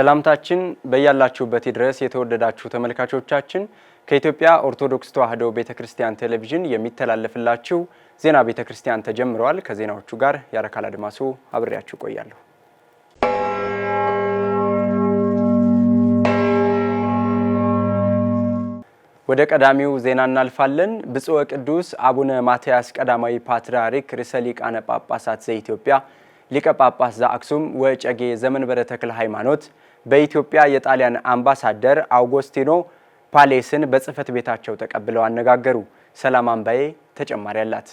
ሰላምታችን በያላችሁበት ድረስ የተወደዳችሁ ተመልካቾቻችን ከኢትዮጵያ ኦርቶዶክስ ተዋሕዶ ቤተ ክርስቲያን ቴሌቪዥን የሚተላለፍላችሁ ዜና ቤተ ክርስቲያን ተጀምረዋል። ከዜናዎቹ ጋር ያረካል አድማሱ አብሬያችሁ ቆያለሁ። ወደ ቀዳሚው ዜና እናልፋለን። ብፁዕ ቅዱስ አቡነ ማትያስ ቀዳማዊ ፓትርያርክ ርዕሰ ሊቃነ ጳጳሳት ዘኢትዮጵያ ሊቀ ጳጳስ ዘአክሱም ወጨጌ ዘመንበረ ተክለ ሃይማኖት በኢትዮጵያ የጣሊያን አምባሳደር አውጎስቲኖ ፓሌስን በጽህፈት ቤታቸው ተቀብለው አነጋገሩ። ሰላም አምባዬ ተጨማሪ አላት።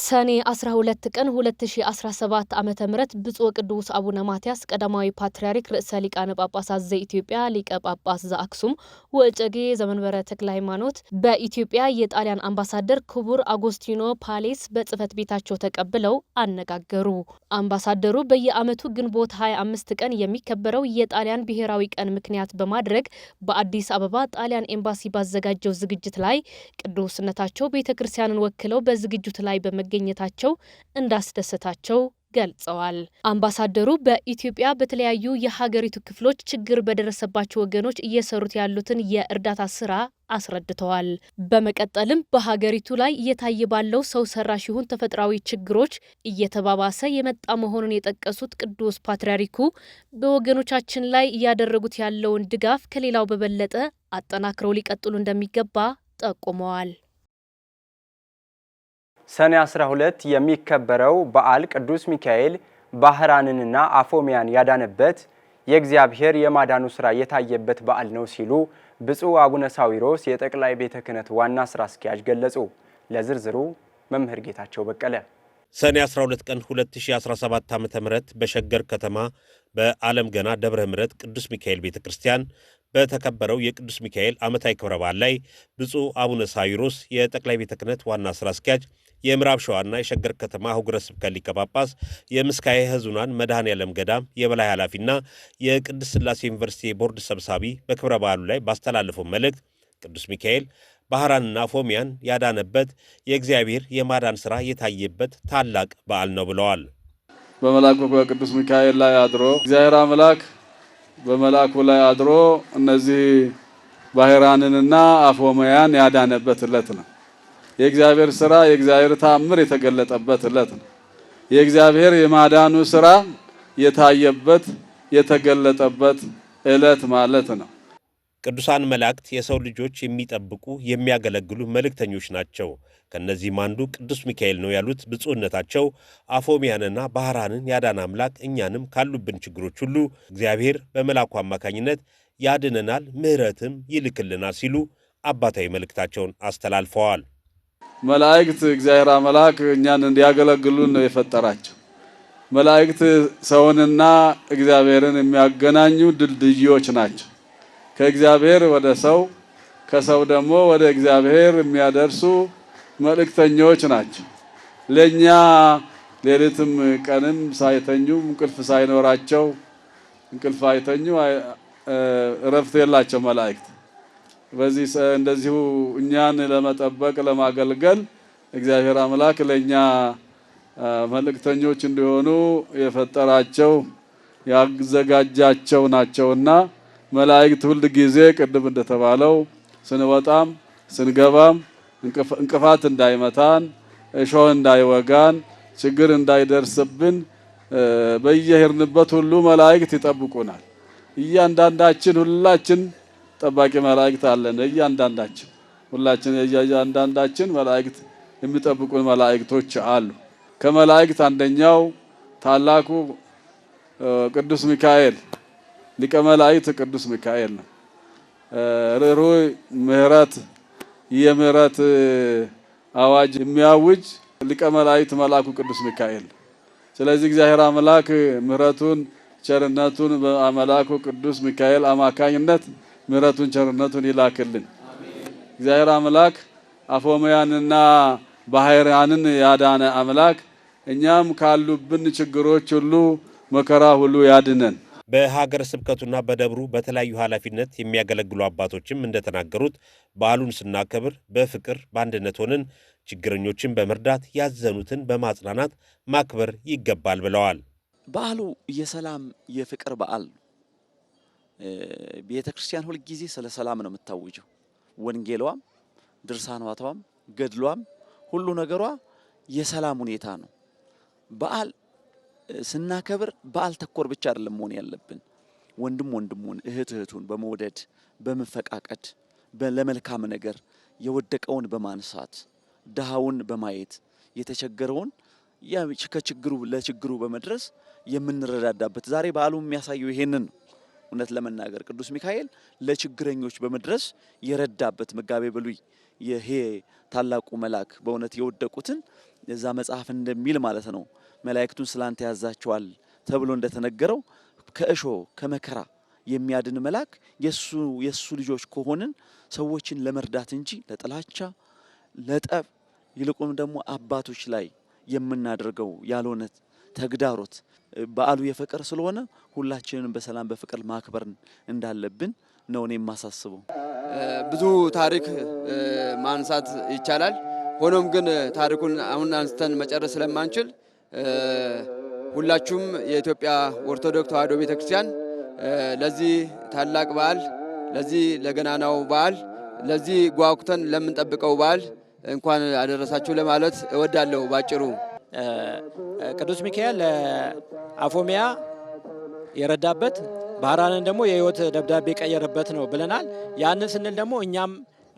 ሰኔ 12 ቀን 2017 ዓ ም ብፁዕ ቅዱስ አቡነ ማትያስ ቀዳማዊ ፓትርያርክ ርእሰ ሊቃነ ጳጳሳት ዘኢትዮጵያ ሊቀ ጳጳስ ዘአክሱም ወዕጨጌ ዘመንበረ ተክለ ሃይማኖት በኢትዮጵያ የጣሊያን አምባሳደር ክቡር አጎስቲኖ ፓሌስ በጽህፈት ቤታቸው ተቀብለው አነጋገሩ። አምባሳደሩ በየዓመቱ ግንቦት 25 ቀን የሚከበረው የጣሊያን ብሔራዊ ቀን ምክንያት በማድረግ በአዲስ አበባ ጣሊያን ኤምባሲ ባዘጋጀው ዝግጅት ላይ ቅዱስነታቸው ቤተ ክርስቲያንን ወክለው በዝግጅቱ ላይ በመ መገኘታቸው እንዳስደሰታቸው ገልጸዋል። አምባሳደሩ በኢትዮጵያ በተለያዩ የሀገሪቱ ክፍሎች ችግር በደረሰባቸው ወገኖች እየሰሩት ያሉትን የእርዳታ ስራ አስረድተዋል። በመቀጠልም በሀገሪቱ ላይ እየታየ ባለው ሰው ሰራሽ ይሁን ተፈጥሯዊ ችግሮች እየተባባሰ የመጣ መሆኑን የጠቀሱት ቅዱስ ፓትርያርኩ በወገኖቻችን ላይ እያደረጉት ያለውን ድጋፍ ከሌላው በበለጠ አጠናክረው ሊቀጥሉ እንደሚገባ ጠቁመዋል። ሰኔ 12 የሚከበረው በዓል ቅዱስ ሚካኤል ባህራንንና አፎሚያን ያዳነበት የእግዚአብሔር የማዳኑ ሥራ የታየበት በዓል ነው ሲሉ ብፁዕ አቡነ ሳዊሮስ የጠቅላይ ቤተ ክህነት ዋና ሥራ አስኪያጅ ገለጹ። ለዝርዝሩ መምህር ጌታቸው በቀለ ሰኔ 12 ቀን 2017 ዓ ም በሸገር ከተማ በዓለም ገና ደብረ ምረት ቅዱስ ሚካኤል ቤተ ክርስቲያን በተከበረው የቅዱስ ሚካኤል ዓመታዊ ክብረ በዓል ላይ ብፁዕ አቡነ ሳዊሮስ የጠቅላይ ቤተ ክህነት ዋና ሥራ አስኪያጅ የምዕራብ ሸዋና የሸገር ከተማ አህጉረ ስብከት ሊቀ ጳጳስ፣ የምስካየ ሕዙናን መድኃኔ ገዳም የበላይ ኃላፊና የቅድስት ሥላሴ ዩኒቨርሲቲ ቦርድ ሰብሳቢ በክብረ በዓሉ ላይ ባስተላለፈው መልእክት ቅዱስ ሚካኤል ባህራንና ፎሚያን ያዳነበት የእግዚአብሔር የማዳን ሥራ የታየበት ታላቅ በዓል ነው ብለዋል። በመልአኩ በቅዱስ ሚካኤል ላይ አድሮ እግዚአብሔር አምላክ በመልአኩ ላይ አድሮ እነዚህ ባህራንንና አፎሚያን ያዳነበት ዕለት ነው። የእግዚአብሔር ስራ የእግዚአብሔር ታምር የተገለጠበት እለት ነው። የእግዚአብሔር የማዳኑ ስራ የታየበት የተገለጠበት እለት ማለት ነው። ቅዱሳን መላእክት የሰው ልጆች የሚጠብቁ የሚያገለግሉ መልእክተኞች ናቸው። ከእነዚህም አንዱ ቅዱስ ሚካኤል ነው ያሉት ብፁዕነታቸው አፎሚያንና ባህራንን ያዳን አምላክ እኛንም ካሉብን ችግሮች ሁሉ እግዚአብሔር በመላኩ አማካኝነት ያድነናል፣ ምሕረትም ይልክልናል ሲሉ አባታዊ መልእክታቸውን አስተላልፈዋል። መላእክት እግዚአብሔር አምላክ እኛን እንዲያገለግሉን ነው የፈጠራቸው። መላእክት ሰውንና እግዚአብሔርን የሚያገናኙ ድልድዮች ናቸው። ከእግዚአብሔር ወደ ሰው፣ ከሰው ደግሞ ወደ እግዚአብሔር የሚያደርሱ መልእክተኞች ናቸው። ለኛ ሌሊትም ቀንም ሳይተኙ እንቅልፍ ሳይኖራቸው እንቅልፍ አይተኙ እረፍት የላቸው መላእክት በዚህ እንደዚሁ እኛን ለመጠበቅ ለማገልገል እግዚአብሔር አምላክ ለኛ መልእክተኞች እንዲሆኑ የፈጠራቸው ያዘጋጃቸው ናቸውና መላእክት ሁል ጊዜ ቅድም እንደተባለው ስንወጣም ስንገባም እንቅፋት እንዳይመታን፣ እሾህ እንዳይወጋን፣ ችግር እንዳይደርስብን በየሄድንበት ሁሉ መላእክት ይጠብቁናል። እያንዳንዳችን ሁላችን ጠባቂ መላእክት አለን። እያንዳንዳችን ሁላችን እያንዳንዳችን መላእክት የሚጠብቁን መላእክቶች አሉ። ከመላእክት አንደኛው ታላቁ ቅዱስ ሚካኤል ሊቀ መላእክት ቅዱስ ሚካኤል ነው። ርኅሩይ ምሕረት የምሕረት አዋጅ የሚያውጅ ሊቀ መላእክት መልአኩ ቅዱስ ሚካኤል። ስለዚህ እግዚአብሔር አምላክ ምሕረቱን ቸርነቱን በመልአኩ ቅዱስ ሚካኤል አማካኝነት ምሕረቱን ቸርነቱን ይላክልን። እግዚአብሔር አምላክ አፎምያንና ባህርያንን ያዳነ አምላክ እኛም ካሉብን ችግሮች ሁሉ መከራ ሁሉ ያድነን። በሀገረ ስብከቱና በደብሩ በተለያዩ ኃላፊነት የሚያገለግሉ አባቶችም እንደተናገሩት በዓሉን ስናከብር በፍቅር በአንድነት ሆነን ችግረኞችን በመርዳት ያዘኑትን በማጽናናት ማክበር ይገባል ብለዋል። በዓሉ የሰላም የፍቅር በዓል ነው። ቤተ ክርስቲያን ሁልጊዜ ስለ ሰላም ነው የምታውጀው። ወንጌሏም፣ ድርሳኗቷም፣ ገድሏም ሁሉ ነገሯ የሰላም ሁኔታ ነው። በዓል ስናከብር በዓል ተኮር ብቻ አይደለም መሆን ያለብን። ወንድም ወንድሙን እህት እህቱን በመውደድ በመፈቃቀድ ለመልካም ነገር የወደቀውን በማንሳት ድሃውን በማየት የተቸገረውን ከችግሩ ለችግሩ በመድረስ የምንረዳዳበት ዛሬ በዓሉ የሚያሳየው ይሄንን ነው። እውነት ለመናገር ቅዱስ ሚካኤል ለችግረኞች በመድረስ የረዳበት መጋቤ ብሉይ ይሄ ታላቁ መልአክ በእውነት የወደቁትን እዛ መጽሐፍ እንደሚል ማለት ነው መላእክቱን ስላንተ ያዛቸዋል ተብሎ እንደተነገረው ከእሾ ከመከራ የሚያድን መልአክ የሱ የሱ ልጆች ከሆንን ሰዎችን ለመርዳት እንጂ ለጥላቻ ለጠብ ይልቁም ደግሞ አባቶች ላይ የምናደርገው ያልሆነ ተግዳሮት በዓሉ የፍቅር ስለሆነ ሁላችንን በሰላም በፍቅር ማክበር እንዳለብን ነው እኔ የማሳስበው። ብዙ ታሪክ ማንሳት ይቻላል። ሆኖም ግን ታሪኩን አሁን አንስተን መጨረስ ስለማንችል ሁላችሁም የኢትዮጵያ ኦርቶዶክስ ተዋሕዶ ቤተክርስቲያን ለዚህ ታላቅ በዓል ለዚህ ለገናናው በዓል ለዚህ ጓጉተን ለምንጠብቀው በዓል እንኳን አደረሳችሁ ለማለት እወዳለሁ ባጭሩ። ቅዱስ ሚካኤል አፎሚያ የረዳበት ባህራንን ደግሞ የህይወት ደብዳቤ ቀየረበት ነው ብለናል። ያንን ስንል ደግሞ እኛም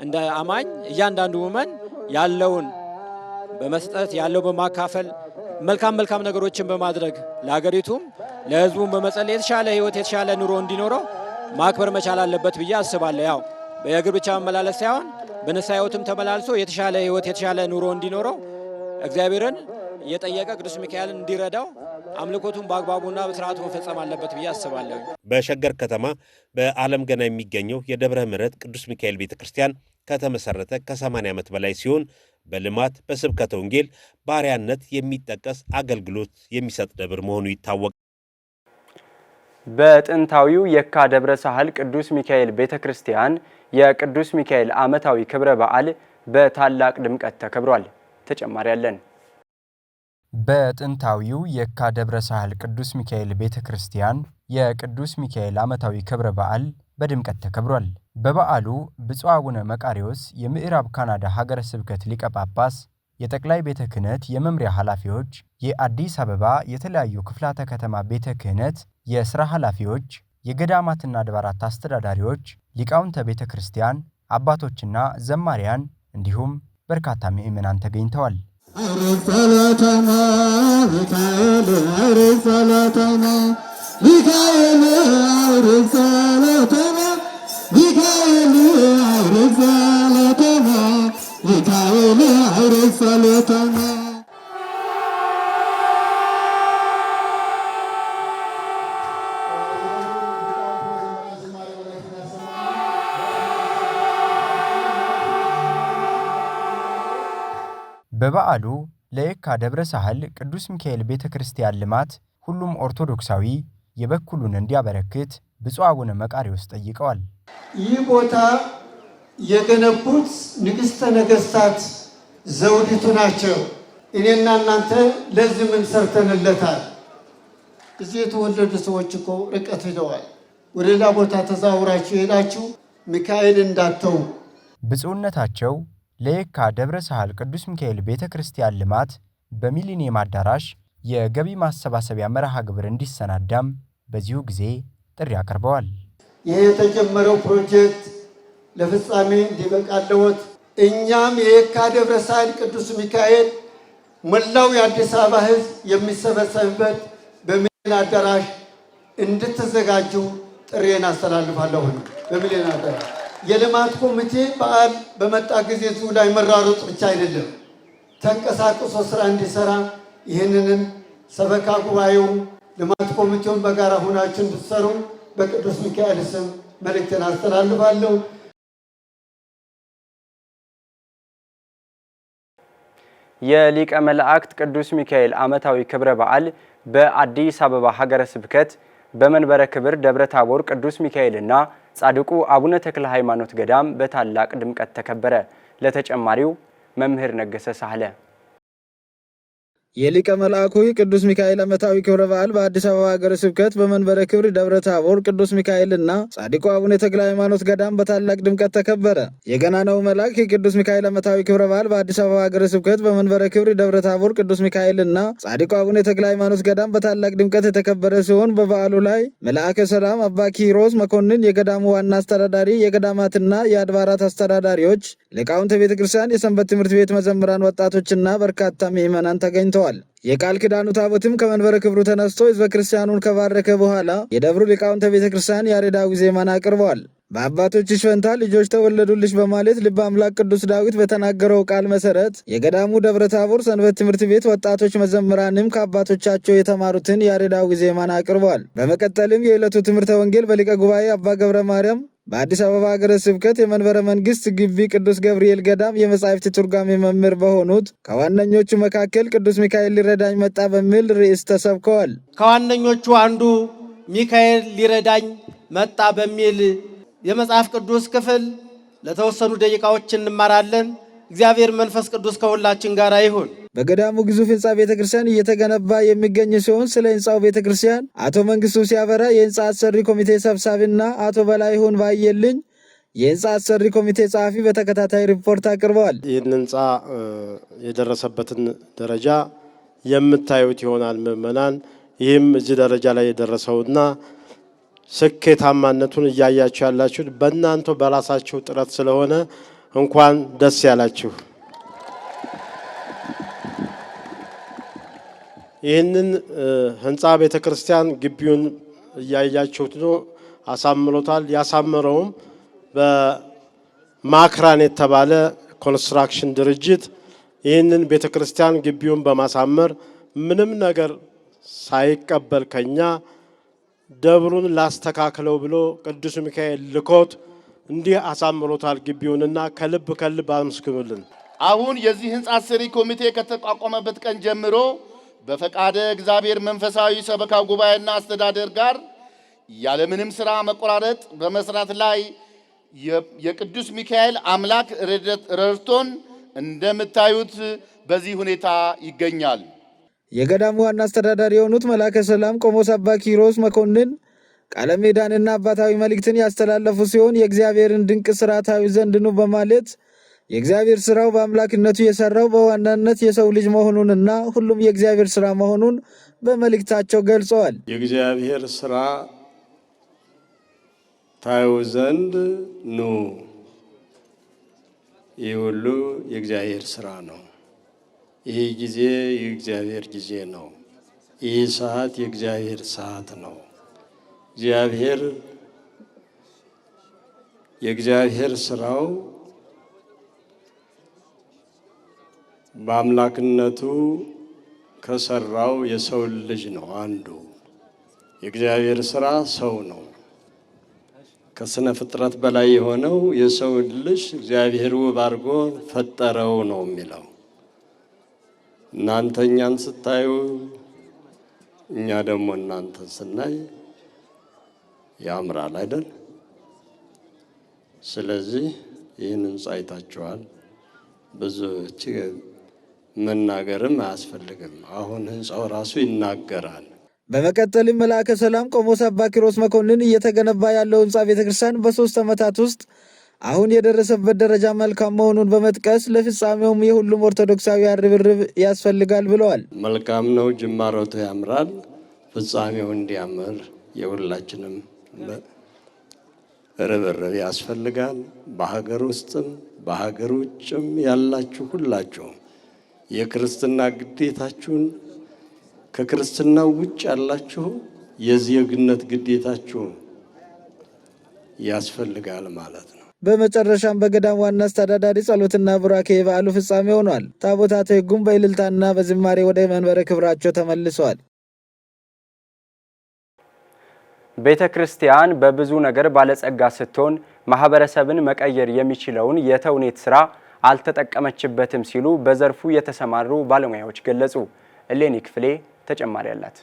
እንደ አማኝ እያንዳንዱ ውመን ያለውን በመስጠት ያለው በማካፈል መልካም መልካም ነገሮችን በማድረግ ለሀገሪቱም ለህዝቡም በመጸል የተሻለ ህይወት የተሻለ ኑሮ እንዲኖረው ማክበር መቻል አለበት ብዬ አስባለሁ። ያው በእግር ብቻ መመላለስ ሳይሆን በንስሐ ህይወትም ተመላልሶ የተሻለ ህይወት የተሻለ ኑሮ እንዲኖረው እግዚአብሔርን እየጠየቀ ቅዱስ ሚካኤልን እንዲረዳው አምልኮቱን በአግባቡና በስርዓቱ መፈጸም አለበት ብዬ አስባለሁ። በሸገር ከተማ በዓለም ገና የሚገኘው የደብረ ምሕረት ቅዱስ ሚካኤል ቤተ ክርስቲያን ከተመሰረተ ከ80 ዓመት በላይ ሲሆን በልማት በስብከተ ወንጌል ባሪያነት የሚጠቀስ አገልግሎት የሚሰጥ ደብር መሆኑ ይታወቃል። በጥንታዊው የካ ደብረ ሳህል ቅዱስ ሚካኤል ቤተ ክርስቲያን የቅዱስ ሚካኤል ዓመታዊ ክብረ በዓል በታላቅ ድምቀት ተከብሯል። ተጨማሪ አለን። በጥንታዊው የካ ደብረ ሳህል ቅዱስ ሚካኤል ቤተ ክርስቲያን የቅዱስ ሚካኤል ዓመታዊ ክብረ በዓል በድምቀት ተከብሯል። በበዓሉ ብፁዕ አቡነ መቃሪዎስ የምዕራብ ካናዳ ሀገረ ስብከት ሊቀ ጳጳስ፣ የጠቅላይ ቤተ ክህነት የመምሪያ ኃላፊዎች፣ የአዲስ አበባ የተለያዩ ክፍላተ ከተማ ቤተ ክህነት የሥራ ኃላፊዎች፣ የገዳማትና አድባራት አስተዳዳሪዎች፣ ሊቃውንተ ቤተ ክርስቲያን አባቶችና ዘማሪያን እንዲሁም በርካታ ምዕመናን ተገኝተዋል። أرد صلاتنا ميكائيل أرد صلاتنا ميكائيل أرد صلاتنا ميكائيل أرد صلاتنا ميكائيل أرد صلاتنا በበዓሉ ለየካ ደብረ ሳህል ቅዱስ ሚካኤል ቤተ ክርስቲያን ልማት ሁሉም ኦርቶዶክሳዊ የበኩሉን እንዲያበረክት ብፁዕ አቡነ መቃርዮስ ጠይቀዋል። ይህ ቦታ የገነቡት ንግሥተ ነገሥታት ዘውዲቱ ናቸው። እኔና እናንተ ለዚህ ምን ሰርተንለታል? እዚህ የተወለዱ ሰዎች እኮ ርቀት ሂደዋል። ወደ ሌላ ቦታ ተዛውራችሁ ሄዳችሁ ሚካኤል እንዳተው ብፁዕነታቸው ለየካ ደብረ ሳህል ቅዱስ ሚካኤል ቤተ ክርስቲያን ልማት በሚሊኒየም አዳራሽ የገቢ ማሰባሰቢያ መርሃ ግብር እንዲሰናዳም በዚሁ ጊዜ ጥሪ አቅርበዋል። ይህ የተጀመረው ፕሮጀክት ለፍጻሜ እንዲበቃለዎት እኛም የየካ ደብረ ሳህል ቅዱስ ሚካኤል መላው የአዲስ አበባ ሕዝብ የሚሰበሰብበት በሚሊኒየም አዳራሽ እንድትዘጋጁ ጥሬን አስተላልፋለሁ። በሚሊኒየም አዳራሽ የልማት ኮሚቴ በዓል በመጣ ጊዜ እዚሁ ላይ መራሮጥ ብቻ አይደለም፣ ተንቀሳቅሶ ስራ እንዲሰራ ይህንንም ሰበካ ጉባኤው ልማት ኮሚቴውን በጋራ ሁናችሁ ብትሰሩ በቅዱስ ሚካኤል ስም መልእክትን አስተላልፋለሁ። የሊቀ መላእክት ቅዱስ ሚካኤል ዓመታዊ ክብረ በዓል በአዲስ አበባ ሀገረ ስብከት በመንበረ ክብር ደብረ ታቦር ቅዱስ ሚካኤልና ጻድቁ አቡነ ተክለ ሃይማኖት ገዳም በታላቅ ድምቀት ተከበረ። ለተጨማሪው መምህር ነገሰ ሳህለ የሊቀ መልአኩ ቅዱስ ሚካኤል ዓመታዊ ክብረ በዓል በአዲስ አበባ ሀገረ ስብከት በመንበረ ክብር ደብረ ታቦር ቅዱስ ሚካኤልና ጻድቁ አቡነ ተክለ ሃይማኖት ገዳም በታላቅ ድምቀት ተከበረ። የገናናው መልአክ የቅዱስ ሚካኤል ዓመታዊ ክብረ በዓል በአዲስ አበባ ሀገረ ስብከት በመንበረ ክብር ደብረ ታቦር ቅዱስ ሚካኤልና ጻድቁ አቡነ ተክለ ሃይማኖት ገዳም በታላቅ ድምቀት የተከበረ ሲሆን በበዓሉ ላይ መልአከ ሰላም አባ ኪሮስ መኮንን፣ የገዳሙ ዋና አስተዳዳሪ፣ የገዳማትና የአድባራት አስተዳዳሪዎች፣ ሊቃውንተ ቤተ ክርስቲያን፣ የሰንበት ትምህርት ቤት መዘምራን፣ ወጣቶችና በርካታ ምዕመናን ተገኝተዋል። ተገኝተዋል። የቃል ኪዳኑ ታቦትም ከመንበረ ክብሩ ተነስቶ ህዝበ ክርስቲያኑን ከባረከ በኋላ የደብሩ ሊቃውንተ ቤተ ክርስቲያን ያሬዳዊ ዜማን አቅርበዋል። በአባቶችሽ ፈንታ ልጆች ተወለዱልሽ በማለት ልበ አምላክ ቅዱስ ዳዊት በተናገረው ቃል መሰረት የገዳሙ ደብረ ታቦር ሰንበት ትምህርት ቤት ወጣቶች መዘምራንም ከአባቶቻቸው የተማሩትን ያሬዳዊ ዜማን አቅርበዋል። በመቀጠልም የዕለቱ ትምህርተ ወንጌል በሊቀ ጉባኤ አባ ገብረ ማርያም በአዲስ አበባ ሀገረ ስብከት የመንበረ መንግስት ግቢ ቅዱስ ገብርኤል ገዳም የመጻሕፍት ትርጓሜ መምህር በሆኑት ከዋነኞቹ መካከል ቅዱስ ሚካኤል ሊረዳኝ መጣ በሚል ርዕስ ተሰብከዋል። ከዋነኞቹ አንዱ ሚካኤል ሊረዳኝ መጣ በሚል የመጽሐፍ ቅዱስ ክፍል ለተወሰኑ ደቂቃዎች እንማራለን። እግዚአብሔር መንፈስ ቅዱስ ከሁላችን ጋር ይሁን። በገዳሙ ግዙፍ ህንፃ ቤተክርስቲያን እየተገነባ የሚገኝ ሲሆን ስለ ህንፃው ቤተክርስቲያን አቶ መንግስቱ ሲያበራ የህንፃ አሰሪ ኮሚቴ ሰብሳቢና አቶ በላይሁን ባየልኝ የህንፃ አሰሪ ኮሚቴ ጸሐፊ በተከታታይ ሪፖርት አቅርበዋል። ይህን ህንፃ የደረሰበትን ደረጃ የምታዩት ይሆናል ምዕመናን። ይህም እዚህ ደረጃ ላይ የደረሰውና ስኬታማነቱን እያያችሁ ያላችሁት በእናንተ በራሳችሁ ጥረት ስለሆነ እንኳን ደስ ያላችሁ። ይህንን ህንፃ ቤተ ክርስቲያን ግቢውን እያያችሁት ነው። አሳምሮታል። ያሳምረውም በማክራን የተባለ ኮንስትራክሽን ድርጅት ይህንን ቤተ ክርስቲያን ግቢውን በማሳመር ምንም ነገር ሳይቀበል ከኛ ደብሩን ላስተካክለው ብሎ ቅዱስ ሚካኤል ልኮት እንዲህ አሳምሮታል ግቢውንና ከልብ ከልብ አመስግኑልን። አሁን የዚህ ህንፃ ስሪ ኮሚቴ ከተቋቋመበት ቀን ጀምሮ በፈቃደ እግዚአብሔር መንፈሳዊ ሰበካ ጉባኤና አስተዳደር ጋር ያለምንም ስራ መቆራረጥ በመስራት ላይ የቅዱስ ሚካኤል አምላክ ረድቶን እንደምታዩት በዚህ ሁኔታ ይገኛል። የገዳሙ ዋና አስተዳዳሪ የሆኑት መላከ ሰላም ቆሞስ አባ ኪሮስ መኮንን ቃለ ምዕዳንና አባታዊ መልእክትን ያስተላለፉ ሲሆን የእግዚአብሔርን ድንቅ ስርዓታዊ ዘንድ ኑ በማለት የእግዚአብሔር ሥራው በአምላክነቱ የሠራው በዋናነት የሰው ልጅ መሆኑንና ሁሉም የእግዚአብሔር ሥራ መሆኑን በመልእክታቸው ገልጸዋል። የእግዚአብሔር ሥራ ታዩ ዘንድ ኑ። ይህ ሁሉ የእግዚአብሔር ሥራ ነው። ይህ ጊዜ የእግዚአብሔር ጊዜ ነው። ይህ ሰዓት የእግዚአብሔር ሰዓት ነው። እግዚአብሔር የእግዚአብሔር ሥራው በአምላክነቱ ከሰራው የሰው ልጅ ነው አንዱ። የእግዚአብሔር ስራ ሰው ነው። ከስነ ፍጥረት በላይ የሆነው የሰው ልጅ እግዚአብሔር ውብ አድርጎ ፈጠረው ነው የሚለው። እናንተ እኛን ስታዩ፣ እኛ ደግሞ እናንተን ስናይ ያምራል አይደል? ስለዚህ ይህንን ጻይታችኋል ብዙ መናገርም አያስፈልግም። አሁን ህንፃው ራሱ ይናገራል። በመቀጠልም መልአከ ሰላም ቆሞስ አባ ኪሮስ መኮንን እየተገነባ ያለው ህንፃ ቤተክርስቲያን በሶስት ዓመታት ውስጥ አሁን የደረሰበት ደረጃ መልካም መሆኑን በመጥቀስ ለፍጻሜውም የሁሉም ኦርቶዶክሳዊ ርብርብ ያስፈልጋል ብለዋል። መልካም ነው፣ ጅማሮቱ ያምራል። ፍጻሜው እንዲያምር የሁላችንም ርብርብ ያስፈልጋል። በሀገር ውስጥም በሀገር ውጭም ያላችሁ ሁላችሁም የክርስትና ግዴታችሁን ከክርስትናው ውጭ ያላችሁ የዜግነት ግዴታችሁ ያስፈልጋል ማለት ነው። በመጨረሻም በገዳም ዋና አስተዳዳሪ ጸሎትና ቡራኬ የበዓሉ ፍጻሜ ሆኗል። ታቦታተ ሕጉም በእልልታና በዝማሬ ወደ መንበረ ክብራቸው ተመልሰዋል። ቤተ ክርስቲያን በብዙ ነገር ባለጸጋ ስትሆን ማህበረሰብን መቀየር የሚችለውን የተውኔት ስራ አልተጠቀመችበትም ሲሉ በዘርፉ የተሰማሩ ባለሙያዎች ገለጹ። እሌኒ ክፍሌ ተጨማሪ አላት።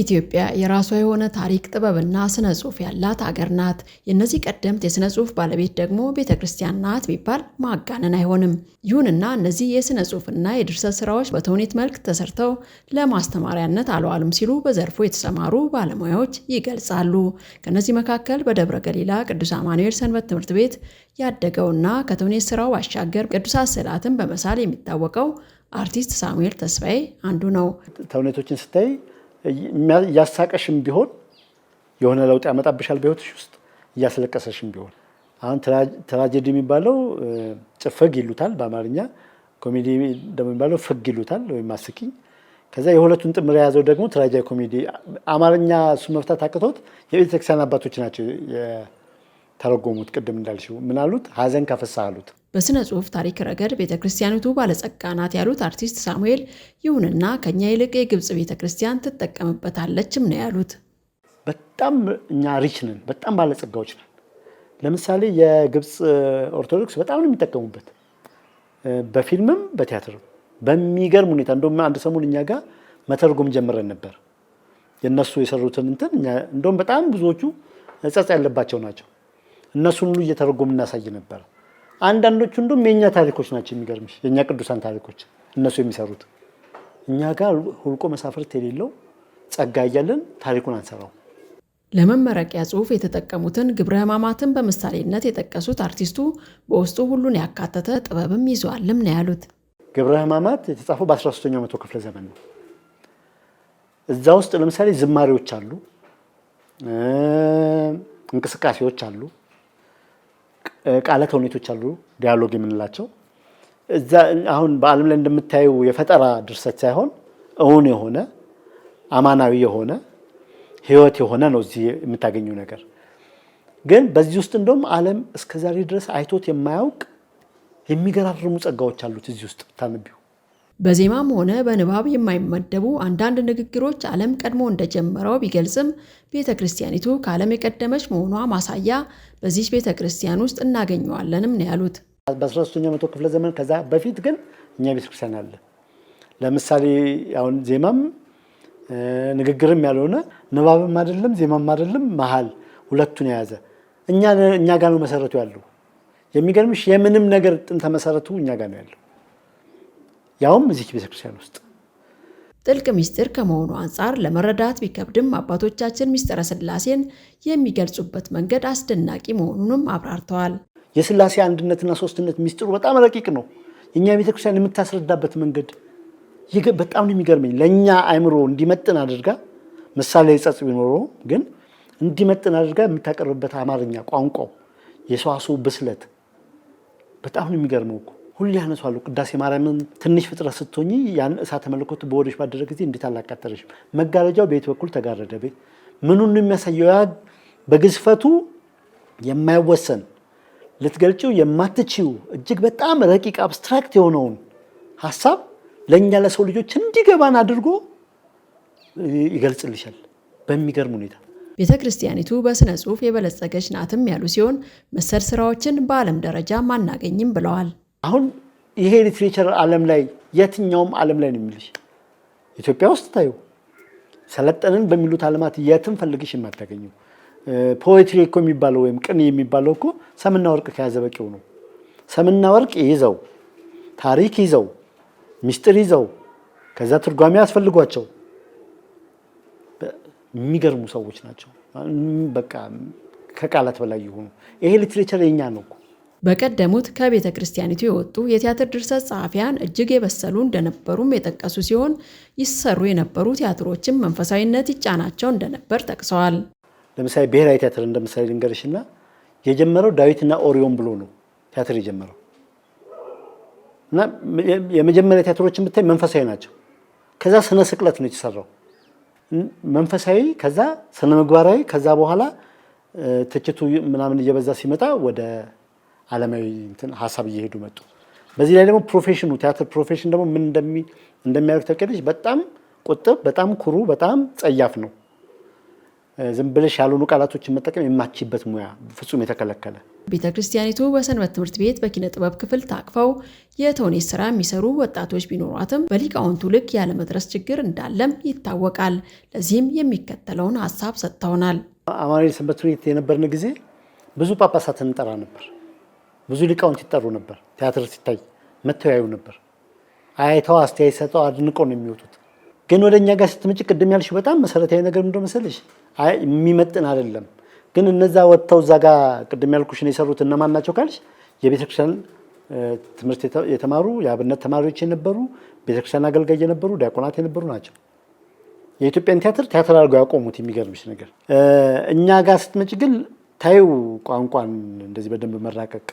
ኢትዮጵያ የራሷ የሆነ ታሪክ ጥበብና ስነ ጽሁፍ ያላት አገር ናት። የእነዚህ ቀደምት የስነ ጽሁፍ ባለቤት ደግሞ ቤተ ክርስቲያን ናት ቢባል ማጋነን አይሆንም። ይሁንና እነዚህ የስነ ጽሁፍና የድርሰት ስራዎች በተውኔት መልክ ተሰርተው ለማስተማሪያነት አለዋልም ሲሉ በዘርፉ የተሰማሩ ባለሙያዎች ይገልጻሉ። ከእነዚህ መካከል በደብረ ገሊላ ቅዱስ አማኑኤል ሰንበት ትምህርት ቤት ያደገውና ከተውኔት ስራው ባሻገር ቅዱሳት ስዕላትን በመሳል የሚታወቀው አርቲስት ሳሙኤል ተስፋዬ አንዱ ነው። ተውኔቶችን ስታይ እያሳቀሽም ቢሆን የሆነ ለውጥ ያመጣብሻል በህይወትሽ ውስጥ እያስለቀሰሽም ቢሆን። አሁን ትራጀዲ የሚባለው ጭፍግ ይሉታል በአማርኛ ኮሜዲ ደግሞ የሚባለው ፍግ ይሉታል ወይም አስቂኝ። ከዚያ የሁለቱን ጥምር የያዘው ደግሞ ትራጃ ኮሜዲ። አማርኛ እሱ መፍታት አቅቶት የቤተክርስቲያን አባቶች ናቸው ተረጎሙት። ቅድም እንዳልሽው ምናሉት ሀዘን ከፍሳ አሉት። በሥነ ጽሑፍ ታሪክ ረገድ ቤተ ክርስቲያኒቱ ባለጸጋ ናት ያሉት አርቲስት ሳሙኤል፣ ይሁንና ከኛ ይልቅ የግብፅ ቤተ ክርስቲያን ትጠቀምበታለችም ነው ያሉት። በጣም እኛ ሪች ነን፣ በጣም ባለጸጋዎች ነን። ለምሳሌ የግብፅ ኦርቶዶክስ በጣም ነው የሚጠቀሙበት፣ በፊልምም በቲያትርም በሚገርም ሁኔታ። እንደውም አንድ ሰሞን እኛ ጋር መተርጎም ጀምረን ነበር የእነሱ የሰሩትን እንትን። እንደውም በጣም ብዙዎቹ ጸጽ ያለባቸው ናቸው እነሱን ሁሉ እየተረጎም እናሳይ ነበር። አንዳንዶቹ እንዲሁም የእኛ ታሪኮች ናቸው። የሚገርምሽ የእኛ ቅዱሳን ታሪኮች እነሱ የሚሰሩት እኛ ጋር ሁልቆ መሳፍርት የሌለው ጸጋ እያለን ታሪኩን አንሰራው። ለመመረቂያ ጽሑፍ የተጠቀሙትን ግብረ ሕማማትን በምሳሌነት የጠቀሱት አርቲስቱ በውስጡ ሁሉን ያካተተ ጥበብም ይዘዋልም ነው ያሉት። ግብረ ሕማማት የተጻፈው በ13ኛው መቶ ክፍለ ዘመን ነው። እዛ ውስጥ ለምሳሌ ዝማሬዎች አሉ፣ እንቅስቃሴዎች አሉ፣ ቃለ ተውኔቶች አሉ፣ ዲያሎግ የምንላቸው እዛ አሁን በዓለም ላይ እንደምታየው የፈጠራ ድርሰት ሳይሆን እውን የሆነ አማናዊ የሆነ ህይወት የሆነ ነው እዚህ የምታገኘው ነገር። ግን በዚህ ውስጥ እንደውም ዓለም እስከዛሬ ድረስ አይቶት የማያውቅ የሚገራርሙ ጸጋዎች አሉት እዚህ ውስጥ ታነቢው በዜማም ሆነ በንባብ የማይመደቡ አንዳንድ ንግግሮች ዓለም ቀድሞ እንደጀመረው ቢገልጽም ቤተ ክርስቲያኒቱ ከዓለም የቀደመች መሆኗ ማሳያ በዚህ ቤተ ክርስቲያን ውስጥ እናገኘዋለንም ነው ያሉት። በ13ኛው መቶ ክፍለ ዘመን ከዛ በፊት ግን እኛ ቤተ ክርስቲያን አለ። ለምሳሌ አሁን ዜማም ንግግርም ያልሆነ ንባብም አይደለም ዜማም አይደለም መሀል ሁለቱን የያዘ እኛ ጋር ነው መሰረቱ ያለው። የሚገርምሽ የምንም ነገር ጥንተ መሰረቱ እኛ ጋር ነው ያለው። ያውም እዚህ ቤተክርስቲያን ውስጥ ጥልቅ ምስጢር ከመሆኑ አንጻር ለመረዳት ቢከብድም አባቶቻችን ምስጢረ ስላሴን የሚገልጹበት መንገድ አስደናቂ መሆኑንም አብራርተዋል። የስላሴ አንድነትና ሶስትነት ምስጢሩ በጣም ረቂቅ ነው። እኛ ቤተክርስቲያን የምታስረዳበት መንገድ በጣም ነው የሚገርመኝ። ለእኛ አይምሮ እንዲመጥን አድርጋ ምሳሌ ጸጽ ቢኖረው ግን እንዲመጥን አድርጋ የምታቀርብበት አማርኛ ቋንቋው የሰዋሰው ብስለት በጣም ነው የሚገርመው እኮ ሁሉ ያነሷሉ። ቅዳሴ ማርያምን ትንሽ ፍጥረት ስትሆኝ ያን እሳተ መለኮት በወደሽ ባደረ ጊዜ እንዴት አላቃጠለሽም? መጋረጃው ቤት በኩል ተጋረደ? ቤት ምኑን የሚያሳየው ያ በግዝፈቱ የማይወሰን ልትገልጪው የማትችው እጅግ በጣም ረቂቅ አብስትራክት የሆነውን ሀሳብ ለእኛ ለሰው ልጆች እንዲገባን አድርጎ ይገልጽልሻል በሚገርም ሁኔታ። ቤተ ክርስቲያኒቱ በስነ ጽሁፍ የበለጸገች ናትም ያሉ ሲሆን መሰል ስራዎችን በዓለም ደረጃ ማናገኝም ብለዋል። አሁን ይሄ ሊትሬቸር ዓለም ላይ የትኛውም ዓለም ላይ ነው የሚልሽ። ኢትዮጵያ ውስጥ ታዩ ሰለጠንን በሚሉት ዓለማት የትም ፈልግሽ የማታገኘው ፖኤትሪ እኮ የሚባለው ወይም ቅን የሚባለው እኮ ሰምና ወርቅ ከያዘ በቂው ነው። ሰምና ወርቅ ይዘው ታሪክ ይዘው ሚስጥር ይዘው ከዛ ትርጓሚ ያስፈልጓቸው የሚገርሙ ሰዎች ናቸው። በቃ ከቃላት በላይ የሆኑ ይሄ ሊትሬቸር የኛ ነው እኮ በቀደሙት ከቤተ ክርስቲያኒቱ የወጡ የቲያትር ድርሰት ጸሐፊያን እጅግ የበሰሉ እንደነበሩም የጠቀሱ ሲሆን ይሰሩ የነበሩ ቲያትሮችም መንፈሳዊነት ይጫናቸው እንደነበር ጠቅሰዋል። ለምሳሌ ብሔራዊ ቲያትር እንደምሳሌ ልንገርሽና የጀመረው ዳዊትና ኦሪዮን ብሎ ነው ቲያትር የጀመረው እና የመጀመሪያ ቲያትሮችን ብታይ መንፈሳዊ ናቸው። ከዛ ስነ ስቅለት ነው የተሰራው መንፈሳዊ፣ ከዛ ስነ ምግባራዊ፣ ከዛ በኋላ ትችቱ ምናምን እየበዛ ሲመጣ ወደ አለማዊ እንትን ሀሳብ እየሄዱ መጡ። በዚህ ላይ ደግሞ ፕሮፌሽኑ ቲያትር ፕሮፌሽን ደግሞ ምን እንደሚያደርግ ተቀደች። በጣም ቁጥብ፣ በጣም ኩሩ፣ በጣም ጸያፍ ነው። ዝም ብለሽ ያልሆኑ ቃላቶችን መጠቀም የማችበት ሙያ ፍጹም የተከለከለ። ቤተ ክርስቲያኒቱ በሰንበት ትምህርት ቤት በኪነ ጥበብ ክፍል ታቅፈው የተውኔት ስራ የሚሰሩ ወጣቶች ቢኖሯትም በሊቃውንቱ ልክ ያለመድረስ ችግር እንዳለም ይታወቃል። ለዚህም የሚከተለውን ሀሳብ ሰጥተውናል። አማኑኤል ሰንበት ትምህርት የነበርን ጊዜ ብዙ ጳጳሳት እንጠራ ነበር። ብዙ ሊቃውንት ይጠሩ ነበር። ቲያትር ሲታይ መተው ያዩ ነበር። አይተው አስተያየት ሰጠው አድንቀው ነው የሚወጡት። ግን ወደ እኛ ጋር ስትመጭ ቅድም ያልሽ በጣም መሰረታዊ ነገር እንደ መሰለሽ የሚመጥን አይደለም። ግን እነዛ ወጥተው እዛ ጋ ቅድም ነው የሰሩት እነማን ናቸው ካልሽ የቤተክርስቲያን ትምህርት የተማሩ የአብነት ተማሪዎች የነበሩ ቤተክርስቲያን አገልጋይ የነበሩ ዲያቆናት የነበሩ ናቸው። የኢትዮጵያን ቲያትር ቲያትር አድርገው ያቆሙት። የሚገርምሽ ነገር እኛ ጋር ስትመጭ ግን ታዩ ቋንቋን እንደዚህ በደንብ መራቀቅ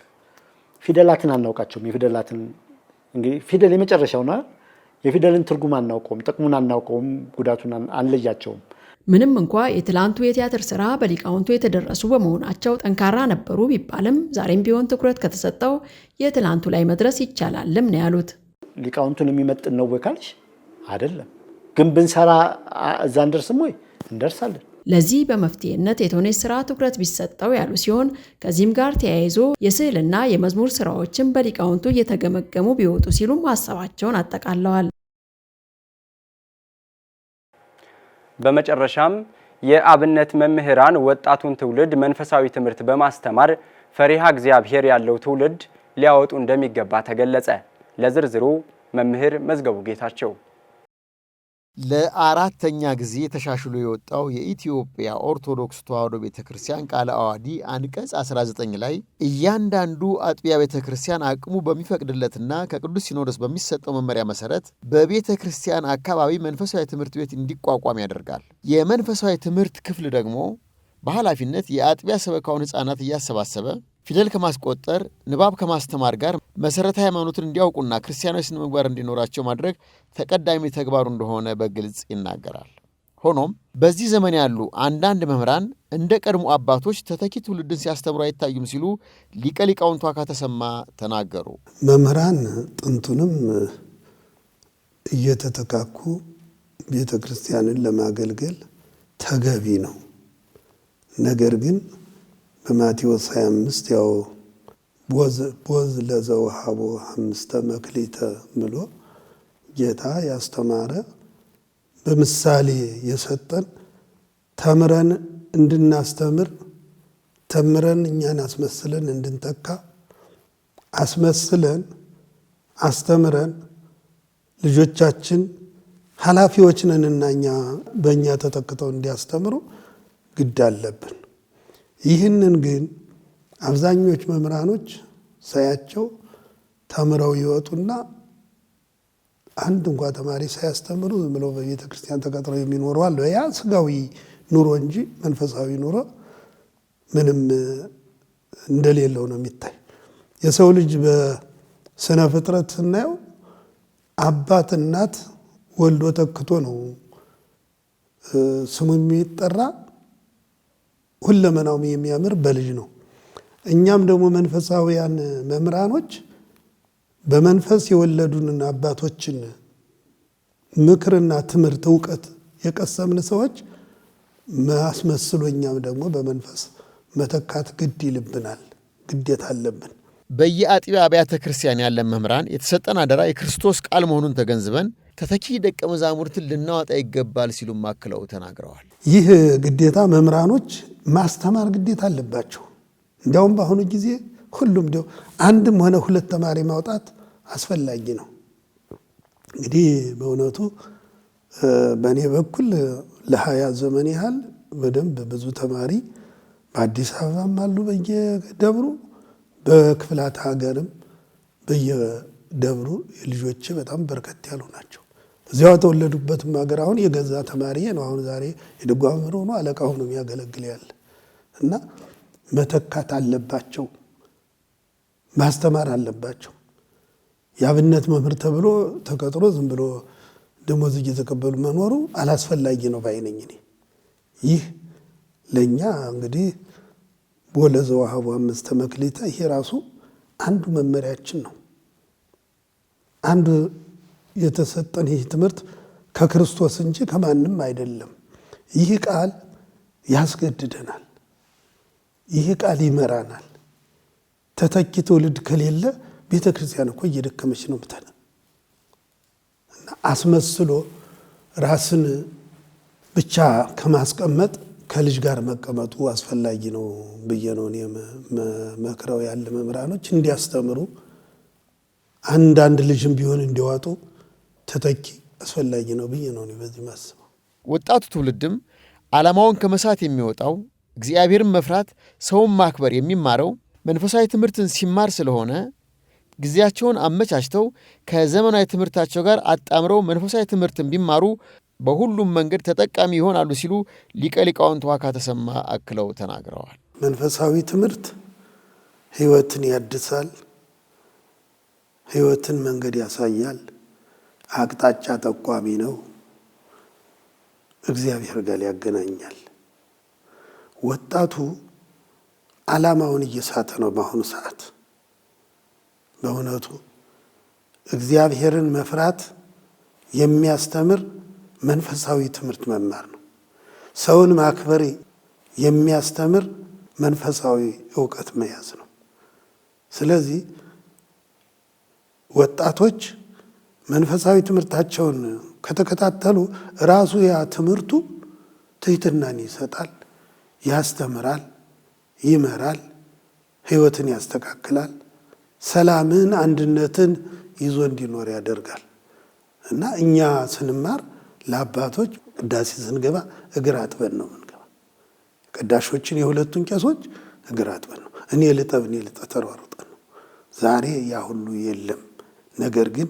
ፊደላትን አናውቃቸውም። የፊደላትን እንግዲህ ፊደል የመጨረሻውና የፊደልን ትርጉም አናውቀውም፣ ጥቅሙን አናውቀውም፣ ጉዳቱን አንለያቸውም። ምንም እንኳ የትላንቱ የቲያትር ስራ በሊቃውንቱ የተደረሱ በመሆናቸው ጠንካራ ነበሩ ቢባልም ዛሬም ቢሆን ትኩረት ከተሰጠው የትላንቱ ላይ መድረስ ይቻላልም ነው ያሉት። ሊቃውንቱን የሚመጥን ነው ወይ ካልሽ አይደለም፣ ግን ብንሰራ እዛ እንደርስም ወይ እንደርሳለን። ለዚህ በመፍትሄነት የተውኔት ስራ ትኩረት ቢሰጠው ያሉ ሲሆን ከዚህም ጋር ተያይዞ የስዕልና የመዝሙር ስራዎችን በሊቃውንቱ እየተገመገሙ ቢወጡ ሲሉም ሀሳባቸውን አጠቃለዋል። በመጨረሻም የአብነት መምህራን ወጣቱን ትውልድ መንፈሳዊ ትምህርት በማስተማር ፈሪሃ እግዚአብሔር ያለው ትውልድ ሊያወጡ እንደሚገባ ተገለጸ። ለዝርዝሩ መምህር መዝገቡ ጌታቸው ለአራተኛ ጊዜ ተሻሽሎ የወጣው የኢትዮጵያ ኦርቶዶክስ ተዋሕዶ ቤተ ክርስቲያን ቃለ አዋዲ አንቀጽ 19 ላይ እያንዳንዱ አጥቢያ ቤተ ክርስቲያን አቅሙ በሚፈቅድለትና ከቅዱስ ሲኖዶስ በሚሰጠው መመሪያ መሰረት በቤተ ክርስቲያን አካባቢ መንፈሳዊ ትምህርት ቤት እንዲቋቋም ያደርጋል። የመንፈሳዊ ትምህርት ክፍል ደግሞ በኃላፊነት የአጥቢያ ሰበካውን ሕፃናት እያሰባሰበ ፊደል ከማስቆጠር ንባብ ከማስተማር ጋር መሠረተ ሃይማኖትን እንዲያውቁና ክርስቲያናዊ ስነ ምግባር እንዲኖራቸው ማድረግ ተቀዳሚ ተግባሩ እንደሆነ በግልጽ ይናገራል። ሆኖም በዚህ ዘመን ያሉ አንዳንድ መምህራን እንደ ቀድሞ አባቶች ተተኪ ትውልድን ሲያስተምሩ አይታዩም ሲሉ ሊቀ ሊቃውንቱ አካ ተሰማ ተናገሩ። መምህራን ጥንቱንም እየተተካኩ ቤተ ክርስቲያንን ለማገልገል ተገቢ ነው። ነገር ግን በማቴዎስ 25 ያው ቦዝ ለዘውሃቦ አምስተ መክሊተ ምሎ ጌታ ያስተማረ በምሳሌ የሰጠን ተምረን እንድናስተምር ተምረን እኛን አስመስለን እንድንተካ አስመስለን አስተምረን ልጆቻችን ኃላፊዎች ነንና እኛ በእኛ ተተክተው እንዲያስተምሩ ግድ አለብን። ይህንን ግን አብዛኞች መምህራኖች ሳያቸው ተምረው ይወጡና አንድ እንኳ ተማሪ ሳያስተምሩ ዝም ብለው በቤተ ክርስቲያን ተቀጥረው የሚኖሩ አለ። ያ ስጋዊ ኑሮ እንጂ መንፈሳዊ ኑሮ ምንም እንደሌለው ነው የሚታይ። የሰው ልጅ በስነ ፍጥረት ስናየው አባት እናት ወልዶ ተክቶ ነው ስሙ የሚጠራ ሁለመናውም የሚያምር በልጅ ነው። እኛም ደግሞ መንፈሳዊያን መምህራኖች በመንፈስ የወለዱንን አባቶችን ምክርና ትምህርት እውቀት የቀሰምን ሰዎች ማስመስሎ እኛም ደግሞ በመንፈስ መተካት ግድ ይልብናል፣ ግዴታ አለብን። በየአጥቢያ አብያተ ክርስቲያን ያለን መምህራን የተሰጠን አደራ የክርስቶስ ቃል መሆኑን ተገንዝበን ተተኪ ደቀ መዛሙርትን ልናወጣ ይገባል ሲሉም አክለው ተናግረዋል። ይህ ግዴታ መምህራኖች ማስተማር ግዴታ አለባቸው። እንዲያውም በአሁኑ ጊዜ ሁሉም እንዲያው አንድም ሆነ ሁለት ተማሪ ማውጣት አስፈላጊ ነው። እንግዲህ በእውነቱ በእኔ በኩል ለሀያ ዘመን ያህል በደንብ ብዙ ተማሪ በአዲስ አበባም አሉ በየደብሩ በክፍላት ሀገርም በየደብሩ ልጆች በጣም በርከት ያሉ ናቸው። እዚያው የተወለዱበትም ሀገር አሁን የገዛ ተማሪ ነው። አሁን ዛሬ የደጓ መምህር ሆኖ አለቃ ሆኖ የሚያገለግል ያለ እና መተካት አለባቸው፣ ማስተማር አለባቸው። የአብነት መምህር ተብሎ ተቀጥሮ ዝም ብሎ ደሞዝ እየተቀበሉ መኖሩ አላስፈላጊ ነው ባይነኝ እኔ ይህ ለእኛ እንግዲህ ወለዘ ወሀቡ አምስተ መክሊተ ይሄ ራሱ አንዱ መመሪያችን ነው አንዱ የተሰጠን ይህ ትምህርት ከክርስቶስ እንጂ ከማንም አይደለም። ይህ ቃል ያስገድደናል። ይህ ቃል ይመራናል። ተተኪ ትውልድ ከሌለ ቤተ ክርስቲያን እኮ እየደከመች ነው ምተን እና አስመስሎ ራስን ብቻ ከማስቀመጥ ከልጅ ጋር መቀመጡ አስፈላጊ ነው ብዬ ነው መክረው ያለ መምህራኖች እንዲያስተምሩ አንዳንድ ልጅም ቢሆን እንዲዋጡ ተተኪ አስፈላጊ ነው ብዬ ነው በዚህ ማስበው። ወጣቱ ትውልድም ዓላማውን ከመሳት የሚወጣው እግዚአብሔርን መፍራት፣ ሰውን ማክበር የሚማረው መንፈሳዊ ትምህርትን ሲማር ስለሆነ ጊዜያቸውን አመቻችተው ከዘመናዊ ትምህርታቸው ጋር አጣምረው መንፈሳዊ ትምህርትን ቢማሩ በሁሉም መንገድ ተጠቃሚ ይሆናሉ ሲሉ ሊቀ ሊቃውንት ዋካ ተሰማ አክለው ተናግረዋል። መንፈሳዊ ትምህርት ሕይወትን ያድሳል፣ ሕይወትን መንገድ ያሳያል አቅጣጫ ጠቋሚ ነው። እግዚአብሔር ጋር ያገናኛል። ወጣቱ ዓላማውን እየሳተ ነው። በአሁኑ ሰዓት በእውነቱ እግዚአብሔርን መፍራት የሚያስተምር መንፈሳዊ ትምህርት መማር ነው። ሰውን ማክበር የሚያስተምር መንፈሳዊ እውቀት መያዝ ነው። ስለዚህ ወጣቶች መንፈሳዊ ትምህርታቸውን ከተከታተሉ ራሱ ያ ትምህርቱ ትህትናን ይሰጣል፣ ያስተምራል፣ ይመራል፣ ህይወትን ያስተካክላል፣ ሰላምን፣ አንድነትን ይዞ እንዲኖር ያደርጋል እና እኛ ስንማር ለአባቶች ቅዳሴ ስንገባ እግር አጥበን ነው ምንገባ። ቅዳሾችን የሁለቱን ቄሶች እግር አጥበን ነው። እኔ ልጠብ፣ እኔ ልጠ ተሯሩጠ ነው። ዛሬ ያ ሁሉ የለም። ነገር ግን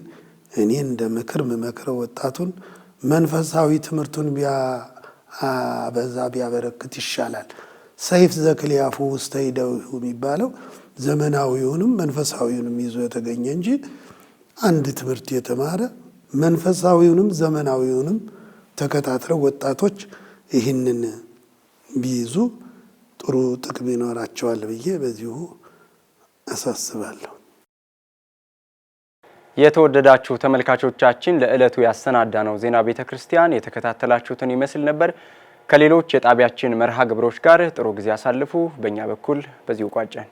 እኔ እንደ ምክር ምመክረው ወጣቱን መንፈሳዊ ትምህርቱን ቢያበዛ ቢያበረክት ይሻላል። ሰይፍ ዘክሊያፉ ውስተ ይደዊሁ የሚባለው ዘመናዊውንም መንፈሳዊውንም ይዞ የተገኘ እንጂ አንድ ትምህርት የተማረ መንፈሳዊውንም ዘመናዊውንም ተከታትለው ወጣቶች ይህንን ቢይዙ ጥሩ ጥቅም ይኖራቸዋል ብዬ በዚሁ አሳስባለሁ። የተወደዳችሁ ተመልካቾቻችን ለዕለቱ ያሰናዳ ነው ዜና ቤተ ክርስቲያን የተከታተላችሁትን ይመስል ነበር። ከሌሎች የጣቢያችን መርሃ ግብሮች ጋር ጥሩ ጊዜ አሳልፉ። በእኛ በኩል በዚሁ ቋጨን።